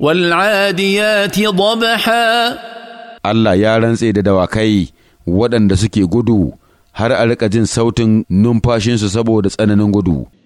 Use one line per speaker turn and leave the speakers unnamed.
والعاديات ضبحا
Allah ya rantse da dawakai waɗanda suke gudu har a riƙa jin sautin numfashinsu saboda tsananin
gudu.